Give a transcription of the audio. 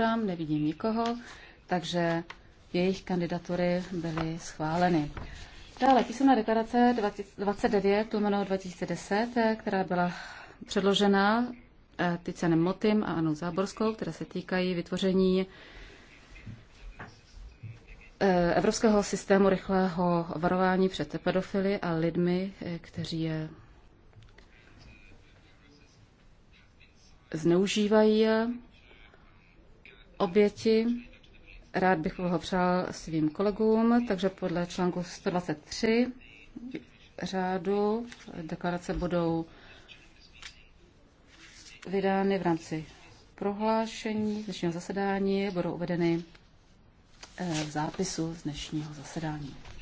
program, nevidím nikoho, takže jejich kandidatury byly schváleny. Dále písemná deklarace 29 lomeno 2010, která byla předložena eh, Ticenem Motym a Anou Záborskou, které se týkají vytvoření eh, Evropského systému rychlého varování před pedofily a lidmi, eh, kteří je zneužívají oběti. Rád bych přál svým kolegům, takže podle článku 123 řádu deklarace budou vydány v rámci prohlášení dnešního zasedání, budou uvedeny eh, v zápisu z dnešního zasedání.